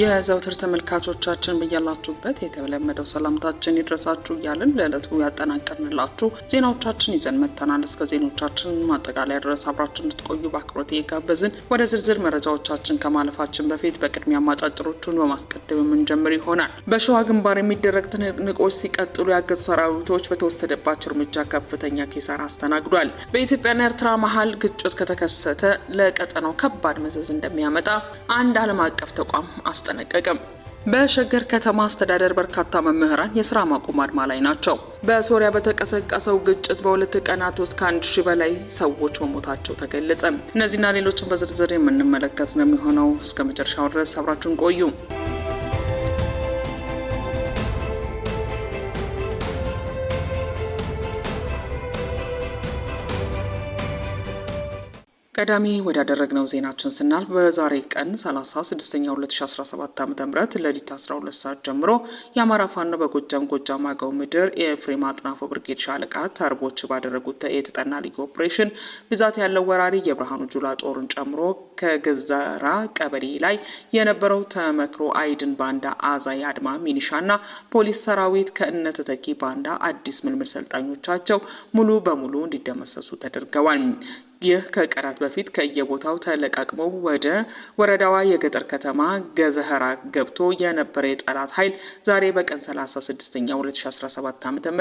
የዘውትር ተመልካቾቻችን በያላችሁበት የተለመደው ሰላምታችን ይድረሳችሁ እያልን ለዕለቱ ያጠናቀርንላችሁ ዜናዎቻችን ይዘን መጥተናል። እስከ ዜናዎቻችን ማጠቃለያ ድረስ አብራችሁ እንድትቆዩ በአክብሮት እየጋበዝን ወደ ዝርዝር መረጃዎቻችን ከማለፋችን በፊት በቅድሚያ ማጫጭሮቹን በማስቀደም የምንጀምር ይሆናል። በሸዋ ግንባር የሚደረግ ትንቅንቆች ሲቀጥሉ ያገዙ ሰራዊቶች በተወሰደባቸው እርምጃ ከፍተኛ ኪሳራ አስተናግዷል። በኢትዮጵያና ኤርትራ መሀል ግጭት ከተከሰተ ለቀጠናው ከባድ መዘዝ እንደሚያመጣ አንድ ዓለም አቀፍ ተቋም አስ አላስጠነቀቅም። በሸገር ከተማ አስተዳደር በርካታ መምህራን የስራ ማቆም አድማ ላይ ናቸው። በሶሪያ በተቀሰቀሰው ግጭት በሁለት ቀናት ውስጥ ከአንድ ሺህ በላይ ሰዎች መሞታቸው ተገለጸ። እነዚህና ሌሎችን በዝርዝር የምንመለከት ነው የሚሆነው። እስከ መጨረሻው ድረስ አብራችሁን ቆዩ። ቀዳሚ ወዳደረግነው ዜናችን ስናልፍ በዛሬ ቀን 36ኛ 2017 ዓ ም ለሊት 12 ሰዓት ጀምሮ የአማራ ፋኖ በጎጃም ጎጃም አገው ምድር የፍሬም አጥናፎ ብርጌድ ሻለቃ ተርቦች ባደረጉት የተጠና ልዩ ኦፕሬሽን ብዛት ያለው ወራሪ የብርሃኑ ጁላ ጦርን ጨምሮ ከገዘራ ቀበሌ ላይ የነበረው ተመክሮ አይድን ባንዳ አዛይ አድማ ሚኒሻና ፖሊስ ሰራዊት ከእነ ተተኪ ባንዳ አዲስ ምልምል ሰልጣኞቻቸው ሙሉ በሙሉ እንዲደመሰሱ ተደርገዋል። ይህ ከቀናት በፊት ከየቦታው ተለቃቅሞ ወደ ወረዳዋ የገጠር ከተማ ገዘኸራ ገብቶ የነበረ የጠላት ኃይል ዛሬ በቀን 36ኛ 2017 ዓ ም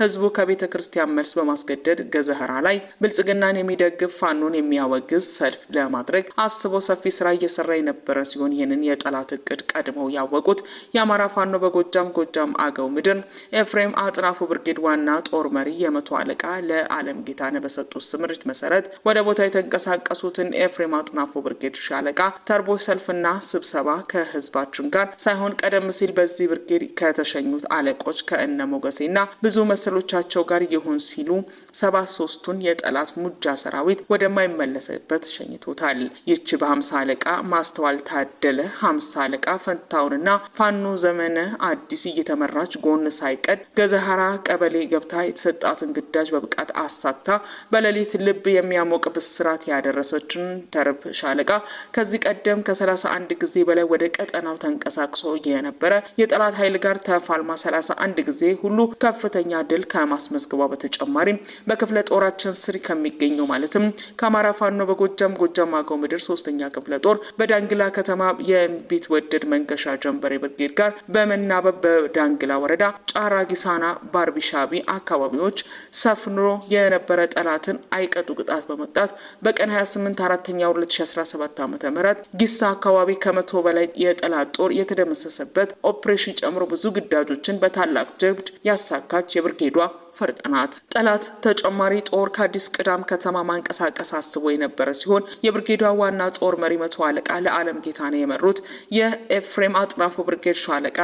ህዝቡ ከቤተ ክርስቲያን መልስ በማስገደድ ገዘኸራ ላይ ብልጽግናን የሚደግፍ ፋኖን የሚያወግዝ ሰልፍ ለማድረግ አስቦ ሰፊ ስራ እየሰራ የነበረ ሲሆን ይህንን የጠላት እቅድ ቀድመው ያወቁት የአማራ ፋኖ በጎጃም ጎጃም አገው ምድር ኤፍሬም አጥናፉ ብርጌድ ዋና ጦር መሪ የመቶ አለቃ ለአለም ጌታነህ በሰጡት ስምሪት መሰረት ወደ ቦታው የተንቀሳቀሱትን ኤፍሬም አጥናፎ ብርጌድ ሻለቃ ተርቦ ሰልፍና ስብሰባ ከህዝባችን ጋር ሳይሆን ቀደም ሲል በዚህ ብርጌድ ከተሸኙት አለቆች ከእነ ሞገሴና ብዙ መሰሎቻቸው ጋር ይሁን ሲሉ ሰባ ሶስቱን የጠላት ሙጃ ሰራዊት ወደማይመለስበት ሸኝቶታል። ይቺ በሀምሳ አለቃ ማስተዋል ታደለ ሀምሳ አለቃ ፈንታውንና ፋኖ ዘመነ አዲስ እየተመራች ጎን ሳይቀድ ገዘሀራ ቀበሌ ገብታ የተሰጣትን ግዳጅ በብቃት አሳታ በሌሊት ልብ የሚያ ሞቅ ብስራት ያደረሰችን ተርብ ሻለቃ ከዚህ ቀደም ከ31 ጊዜ በላይ ወደ ቀጠናው ተንቀሳቅሶ የነበረ የጠላት ኃይል ጋር ተፋልማ 31 ጊዜ ሁሉ ከፍተኛ ድል ከማስመዝገቧ በተጨማሪ በክፍለ ጦራችን ስር ከሚገኘው ማለትም ከአማራ ፋኖ በጎጃም ጎጃም አገው ምድር ሶስተኛ ክፍለ ጦር በዳንግላ ከተማ ወደድ መንገሻ ጀንበሬ ብርጌድ ጋር በመናበብ በዳንግላ ወረዳ ጫራ ጊሳና ባርቢሻቢ አካባቢዎች ሰፍኖ የነበረ ጠላትን አይቀጡ ቅጣት በመውጣት በቀን 28 አራተኛ 2017 ዓ ም ጊሳ አካባቢ ከመቶ በላይ የጠላት ጦር የተደመሰሰበት ኦፕሬሽን ጨምሮ ብዙ ግዳጆችን በታላቅ ጀብድ ያሳካች የብርጌዷ ፈርጠናት ጠላት ተጨማሪ ጦር ከአዲስ ቅዳም ከተማ ማንቀሳቀስ አስቦ የነበረ ሲሆን የብርጌዷ ዋና ጦር መሪ መቶ አለቃ ለአለም ጌታ ነው የመሩት የኤፍሬም አጥናፉ ብርጌድ ሻለቃ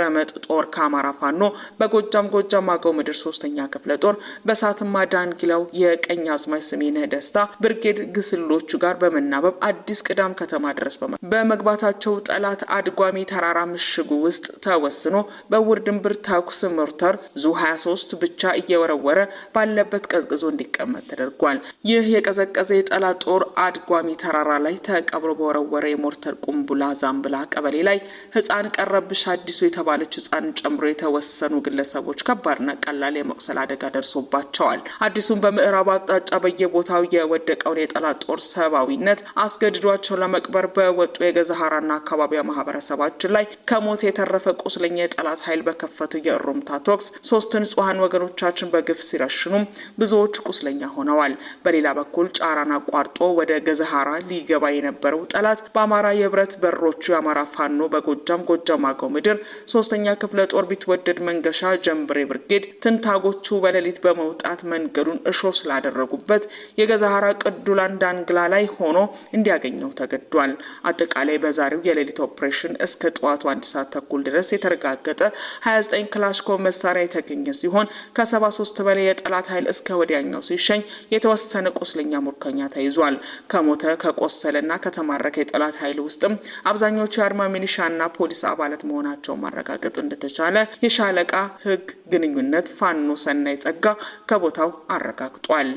ረመጥ ጦር ከአማራ ፋኖ በጎጃም ጎጃም አገው ምድር ሶስተኛ ክፍለ ጦር በሳትማ ዳንጊላው የቀኝ አዝማች ስሜነህ ደስታ ብርጌድ ግስሎቹ ጋር በመናበብ አዲስ ቅዳም ከተማ ድረስ በመግባታቸው ጠላት አድጓሚ ተራራ ምሽጉ ውስጥ ተወስኖ በውር ድንብር ተኩስ ሞርተር ዙ 23 ብቻ እየወረወረ ባለበት ቀዝቅዞ እንዲቀመጥ ተደርጓል። ይህ የቀዘቀዘ የጠላት ጦር አድጓሚ ተራራ ላይ ተቀብሮ በወረወረ የሞርተር ቁምቡላ ዛምብላ ቀበሌ ላይ ህፃን ቀረብሽ አዲሱ የተ የተባለች ህጻን ጨምሮ የተወሰኑ ግለሰቦች ከባድና ቀላል የመቁሰል አደጋ ደርሶባቸዋል። አዲሱን በምዕራብ አቅጣጫ በየቦታው የወደቀውን የጠላት ጦር ሰብአዊነት አስገድዷቸው ለመቅበር በወጡ የገዛ ሀራና አካባቢያ ማህበረሰባችን ላይ ከሞት የተረፈ ቁስለኛ የጠላት ኃይል በከፈቱ የእሩምታ ተኩስ ሶስት ንጹሐን ወገኖቻችን በግፍ ሲረሽኑም ብዙዎች ቁስለኛ ሆነዋል። በሌላ በኩል ጫራን አቋርጦ ወደ ገዛ ሊገባ የነበረው ጠላት በአማራ የህብረት በሮቹ የአማራ ፋኖ በጎጃም ጎጃም አገው ምድር ሶስተኛ ክፍለ ጦር ቢትወደድ መንገሻ ጀምብሬ ብርጌድ ትንታጎቹ በሌሊት በመውጣት መንገዱን እሾ ስላደረጉበት የገዛሃራ ቅዱላን ዳንግላ ላይ ሆኖ እንዲያገኘው ተገዷል። አጠቃላይ በዛሬው የሌሊት ኦፕሬሽን እስከ ጠዋቱ አንድ ሰዓት ተኩል ድረስ የተረጋገጠ 29 ክላሽኮ መሳሪያ የተገኘ ሲሆን ከ73 በላይ የጠላት ኃይል እስከ ወዲያኛው ሲሸኝ የተወሰነ ቁስለኛ ሙርከኛ ተይዟል። ከሞተ ከቆሰለና ከተማረከ የጠላት ኃይል ውስጥም አብዛኞቹ የአድማ ሚኒሻና ፖሊስ አባላት መሆናቸው ማረጋገጥ እንደተቻለ የሻለቃ ህግ ግንኙነት ፋኖ ሰናይ ጸጋ ከቦታው አረጋግጧል።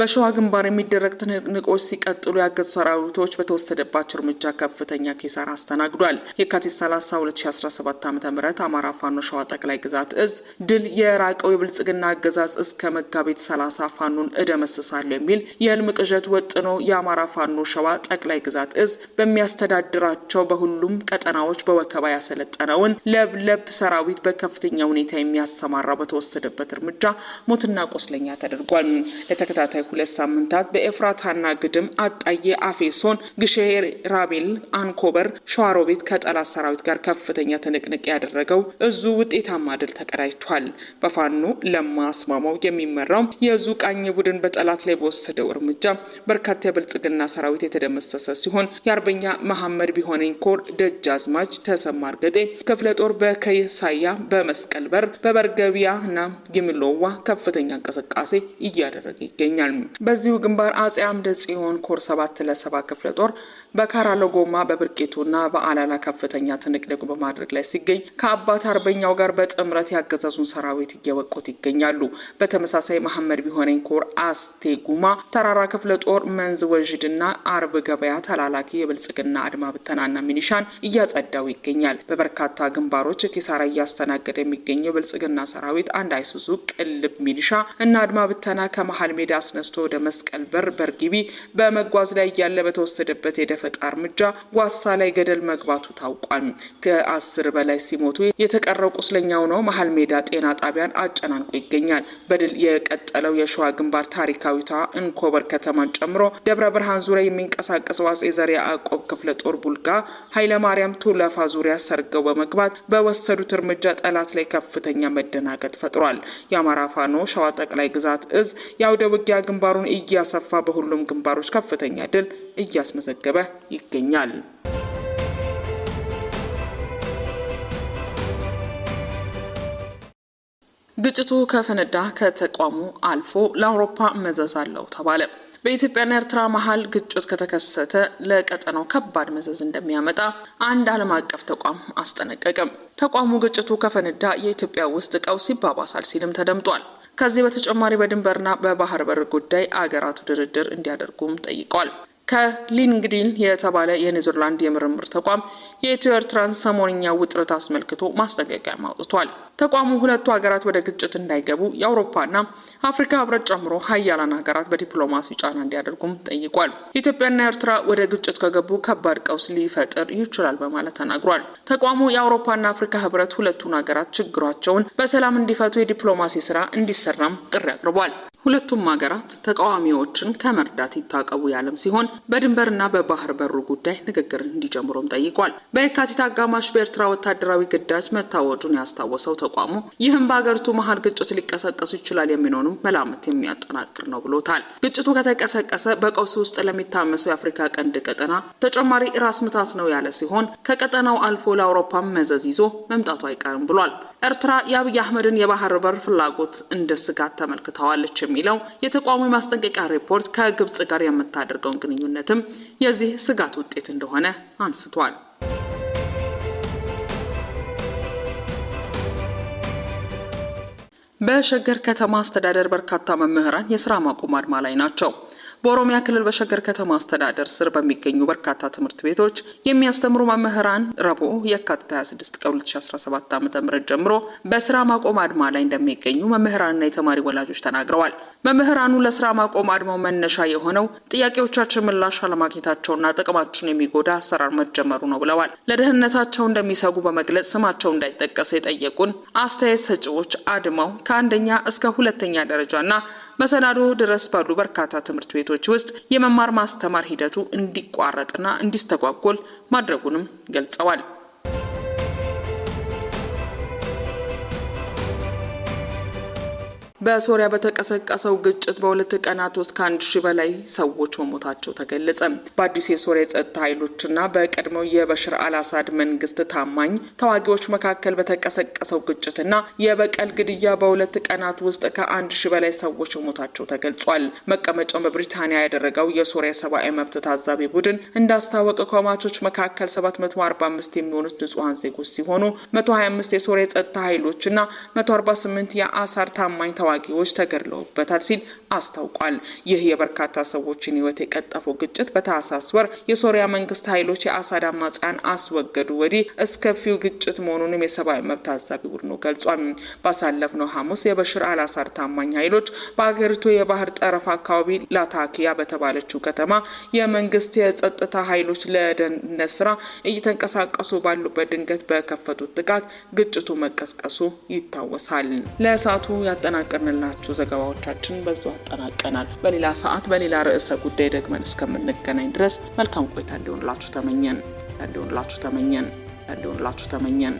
በሸዋ ግንባር የሚደረግ ትንቅንቆች ሲቀጥሉ ያገዙ ሰራዊቶች በተወሰደባቸው እርምጃ ከፍተኛ ኪሳራ አስተናግዷል። የካቲት 30 2017 ዓ ም አማራ ፋኖ ሸዋ ጠቅላይ ግዛት እዝ ድል የራቀው የብልጽግና አገዛዝ እስከ መጋቢት 30 ፋኖን እደመስሳሉ የሚል የህልም ቅዠት ወጥኖ የአማራ ፋኖ ሸዋ ጠቅላይ ግዛት እዝ በሚያስተዳድራቸው በሁሉም ቀጠናዎች በወከባ ያሰለጠነውን ለብለብ ሰራዊት በከፍተኛ ሁኔታ የሚያሰማራው በተወሰደበት እርምጃ ሞትና ቆስለኛ ተደርጓል። ለተከታታይ ሁለት ሳምንታት በኤፍራታና ግድም አጣዬ አፌሶን ግሸሄር ራቤል አንኮበር ሸዋሮቤት ከጠላት ሰራዊት ጋር ከፍተኛ ትንቅንቅ ያደረገው እዙ ውጤታማ ድል ተቀዳጅቷል። በፋኖ ለማ የሚመራው የእዙ ቃኝ ቡድን በጠላት ላይ በወሰደው እርምጃ በርካታ የብልጽግና ሰራዊት የተደመሰሰ ሲሆን የአርበኛ መሐመድ ቢሆነኝ ኮር ደጃዝማች ተሰማ እርገጤ ክፍለ ጦር በከይሳያ በመስቀል በር በበርገቢያ እና ጊምሎዋ ከፍተኛ እንቅስቃሴ እያደረገ ይገኛል። በዚሁ ግንባር አጼ አምደ ጽዮን ኮር ሰባት ለሰባ ክፍለ ጦር በካራሎ ጎማ በብርቄቱና በአላላ ከፍተኛ ትንቅንቅ በማድረግ ላይ ሲገኝ ከአባት አርበኛው ጋር በጥምረት ያገዛዙን ሰራዊት እየወቁት ይገኛሉ። በተመሳሳይ መሐመድ ቢሆነኝ ኮር አስቴ ጉማ ተራራ ክፍለ ጦር መንዝ ወዥድና አርብ ገበያ ተላላኪ የብልጽግና አድማ ብተናና ሚኒሻን እያጸዳው ይገኛል። በበርካታ ግንባሮች ኪሳራ እያስተናገደ የሚገኘው የብልጽግና ሰራዊት አንድ አይሱዙ ቅልብ ሚኒሻ እና አድማ ብተና ከመሀል ሜዳ አስነ ተነስቶ ወደ መስቀል በር በርጊቢ በመጓዝ ላይ እያለ በተወሰደበት የደፈጣ እርምጃ ዋሳ ላይ ገደል መግባቱ ታውቋል። ከአስር በላይ ሲሞቱ የተቀረው ቁስለኛው ነው መሀል ሜዳ ጤና ጣቢያን አጨናንቆ ይገኛል። በድል የቀጠለው የሸዋ ግንባር ታሪካዊቷ እንኮበር ከተማን ጨምሮ ደብረ ብርሃን ዙሪያ የሚንቀሳቀሰው አጼ ዘር ያዕቆብ ክፍለ ጦር ቡልጋ ኃይለማርያም ቱለፋ ዙሪያ ሰርገው በመግባት በወሰዱት እርምጃ ጠላት ላይ ከፍተኛ መደናገጥ ፈጥሯል። የአማራ ፋኖ ሸዋ ጠቅላይ ግዛት እዝ የአውደ ውጊያ ግንባሩን እያሰፋ በሁሉም ግንባሮች ከፍተኛ ድል እያስመዘገበ ይገኛል። ግጭቱ ከፈነዳ ከተቋሙ አልፎ ለአውሮፓ መዘዝ አለው ተባለ። በኢትዮጵያና ኤርትራ መሀል ግጭት ከተከሰተ ለቀጠናው ከባድ መዘዝ እንደሚያመጣ አንድ ዓለም አቀፍ ተቋም አስጠነቀቀም። ተቋሙ ግጭቱ ከፈነዳ የኢትዮጵያ ውስጥ ቀውስ ይባባሳል ሲልም ተደምጧል። ከዚህ በተጨማሪ በድንበርና በባህር በር ጉዳይ አገራቱ ድርድር እንዲያደርጉም ጠይቋል። ከሊንግዲን የተባለ የኔዘርላንድ የምርምር ተቋም የኢትዮ ኤርትራን ሰሞንኛ ውጥረት አስመልክቶ ማስጠንቀቂያ አውጥቷል። ተቋሙ ሁለቱ ሀገራት ወደ ግጭት እንዳይገቡ የአውሮፓና አፍሪካ ህብረት ጨምሮ ሀያላን ሀገራት በዲፕሎማሲ ጫና እንዲያደርጉም ጠይቋል። ኢትዮጵያና ኤርትራ ወደ ግጭት ከገቡ ከባድ ቀውስ ሊፈጥር ይችላል በማለት ተናግሯል። ተቋሙ የአውሮፓና አፍሪካ ህብረት ሁለቱን ሀገራት ችግሯቸውን በሰላም እንዲፈቱ የዲፕሎማሲ ስራ እንዲሰራም ጥሪ አቅርቧል። ሁለቱም ሀገራት ተቃዋሚዎችን ከመርዳት ይታቀቡ ያለም ሲሆን በድንበርና በባህር በሩ ጉዳይ ንግግር እንዲጀምሩም ጠይቋል። በየካቲት አጋማሽ በኤርትራ ወታደራዊ ግዳጅ መታወጁን ያስታወሰው ተቋሙ ይህም በሀገሪቱ መሀል ግጭት ሊቀሰቀሱ ይችላል የሚለውንም መላምት የሚያጠናክር ነው ብሎታል። ግጭቱ ከተቀሰቀሰ በቀውስ ውስጥ ለሚታመሰው የአፍሪካ ቀንድ ቀጠና ተጨማሪ ራስ ምታት ነው ያለ ሲሆን ከቀጠናው አልፎ ለአውሮፓም መዘዝ ይዞ መምጣቱ አይቀርም ብሏል። ኤርትራ የአብይ አህመድን የባህር በር ፍላጎት እንደ ስጋት ተመልክተዋለች የሚለው የተቋሙ የማስጠንቀቂያ ሪፖርት ከግብጽ ጋር የምታደርገውን ግንኙነትም የዚህ ስጋት ውጤት እንደሆነ አንስቷል። በሸገር ከተማ አስተዳደር በርካታ መምህራን የስራ ማቆም አድማ ላይ ናቸው። በኦሮሚያ ክልል በሸገር ከተማ አስተዳደር ስር በሚገኙ በርካታ ትምህርት ቤቶች የሚያስተምሩ መምህራን ረቡዕ የካቲት 26 ቀን 2017 ዓ ም ጀምሮ በስራ ማቆም አድማ ላይ እንደሚገኙ መምህራንና የተማሪ ወላጆች ተናግረዋል። መምህራኑ ለስራ ማቆም አድማው መነሻ የሆነው ጥያቄዎቻችን ምላሽ አለማግኘታቸውና ጥቅማችን የሚጎዳ አሰራር መጀመሩ ነው ብለዋል። ለደህንነታቸው እንደሚሰጉ በመግለጽ ስማቸው እንዳይጠቀስ የጠየቁን አስተያየት ሰጪዎች አድማው ከአንደኛ እስከ ሁለተኛ ደረጃና መሰናዶ ድረስ ባሉ በርካታ ትምህርት ቤቶች ውስጥ የመማር ማስተማር ሂደቱ እንዲቋረጥና እንዲስተጓጎል ማድረጉንም ገልጸዋል። በሶሪያ በተቀሰቀሰው ግጭት በሁለት ቀናት ውስጥ ከአንድ ሺህ በላይ ሰዎች መሞታቸው ተገለጸ። በአዲሱ የሶሪያ የጸጥታ ኃይሎችና በቀድሞው የበሽር አልአሳድ መንግስት ታማኝ ተዋጊዎች መካከል በተቀሰቀሰው ግጭትና የበቀል ግድያ በሁለት ቀናት ውስጥ ከአንድ ሺህ በላይ ሰዎች መሞታቸው ተገልጿል። መቀመጫውን በብሪታንያ ያደረገው የሶሪያ ሰብአዊ መብት ታዛቢ ቡድን እንዳስታወቀ ከሟቾች መካከል 745 የሚሆኑት ንጹሐን ዜጎች ሲሆኑ 125 የሶሪያ የጸጥታ ኃይሎችና 148 የአሳድ ታማኝ ታዋቂዎች ተገድለውበታል ሲል አስታውቋል። ይህ የበርካታ ሰዎችን ሕይወት የቀጠፈው ግጭት በታህሳስ ወር የሶሪያ መንግስት ኃይሎች የአሳድ አማጽያን አስወገዱ ወዲህ እስከፊው ግጭት መሆኑንም የሰብአዊ መብት አዛቢ ቡድኑ ገልጿል። ባሳለፍነው ሐሙስ የበሽር አላሳድ ታማኝ ኃይሎች በሀገሪቱ የባህር ጠረፍ አካባቢ ላታኪያ በተባለችው ከተማ የመንግስት የጸጥታ ኃይሎች ለደህንነት ስራ እየተንቀሳቀሱ ባሉበት ድንገት በከፈቱት ጥቃት ግጭቱ መቀስቀሱ ይታወሳል። ለእሳቱ ያጠናቀርንላችሁ ዘገባዎቻችን በዛ ያጠናቀናል። በሌላ ሰዓት በሌላ ርዕሰ ጉዳይ ደግመን እስከምንገናኝ ድረስ መልካም ቆይታ እንዲሆንላችሁ ተመኘን እንዲሆንላችሁ ተመኘን እንዲሆንላችሁ ተመኘን።